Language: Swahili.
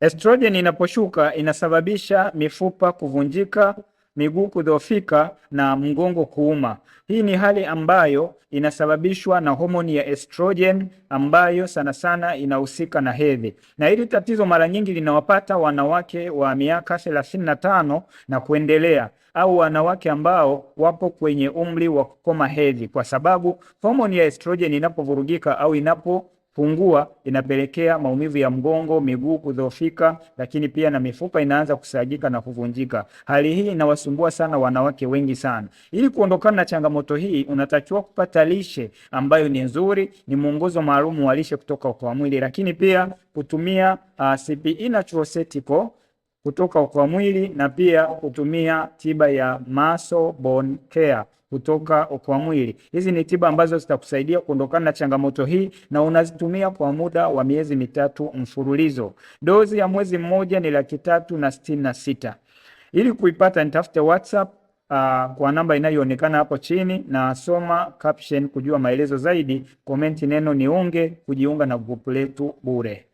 Estrogen inaposhuka inasababisha mifupa kuvunjika, miguu kudhoofika na mgongo kuuma. Hii ni hali ambayo inasababishwa na homoni ya estrogen ambayo sana sana inahusika na hedhi, na hili tatizo mara nyingi linawapata wanawake wa miaka 35 na na kuendelea au wanawake ambao wapo kwenye umri wa kukoma hedhi, kwa sababu homoni ya estrogen inapovurugika au inapo pungua inapelekea maumivu ya mgongo, miguu kudhoofika, lakini pia na mifupa inaanza kusagika na kuvunjika. Hali hii inawasumbua sana wanawake wengi sana. Ili kuondokana na changamoto hii, unatakiwa kupata lishe ambayo ni nzuri, ni mwongozo maalum wa lishe kutoka kwa mwili, lakini pia kutumia uh, ah, CBE Natural Ceutical kutoka kwa mwili na pia kutumia tiba ya muscle bone care kutoka kwa mwili. Hizi ni tiba ambazo zitakusaidia kuondokana na changamoto hii na unazitumia kwa muda wa miezi mitatu mfululizo. Dozi ya mwezi mmoja ni laki tatu na sitini na sita. Ili kuipata nitafute WhatsApp uh, kwa namba inayoonekana hapo chini na soma caption kujua maelezo zaidi, komenti neno niunge kujiunga na grupu letu bure.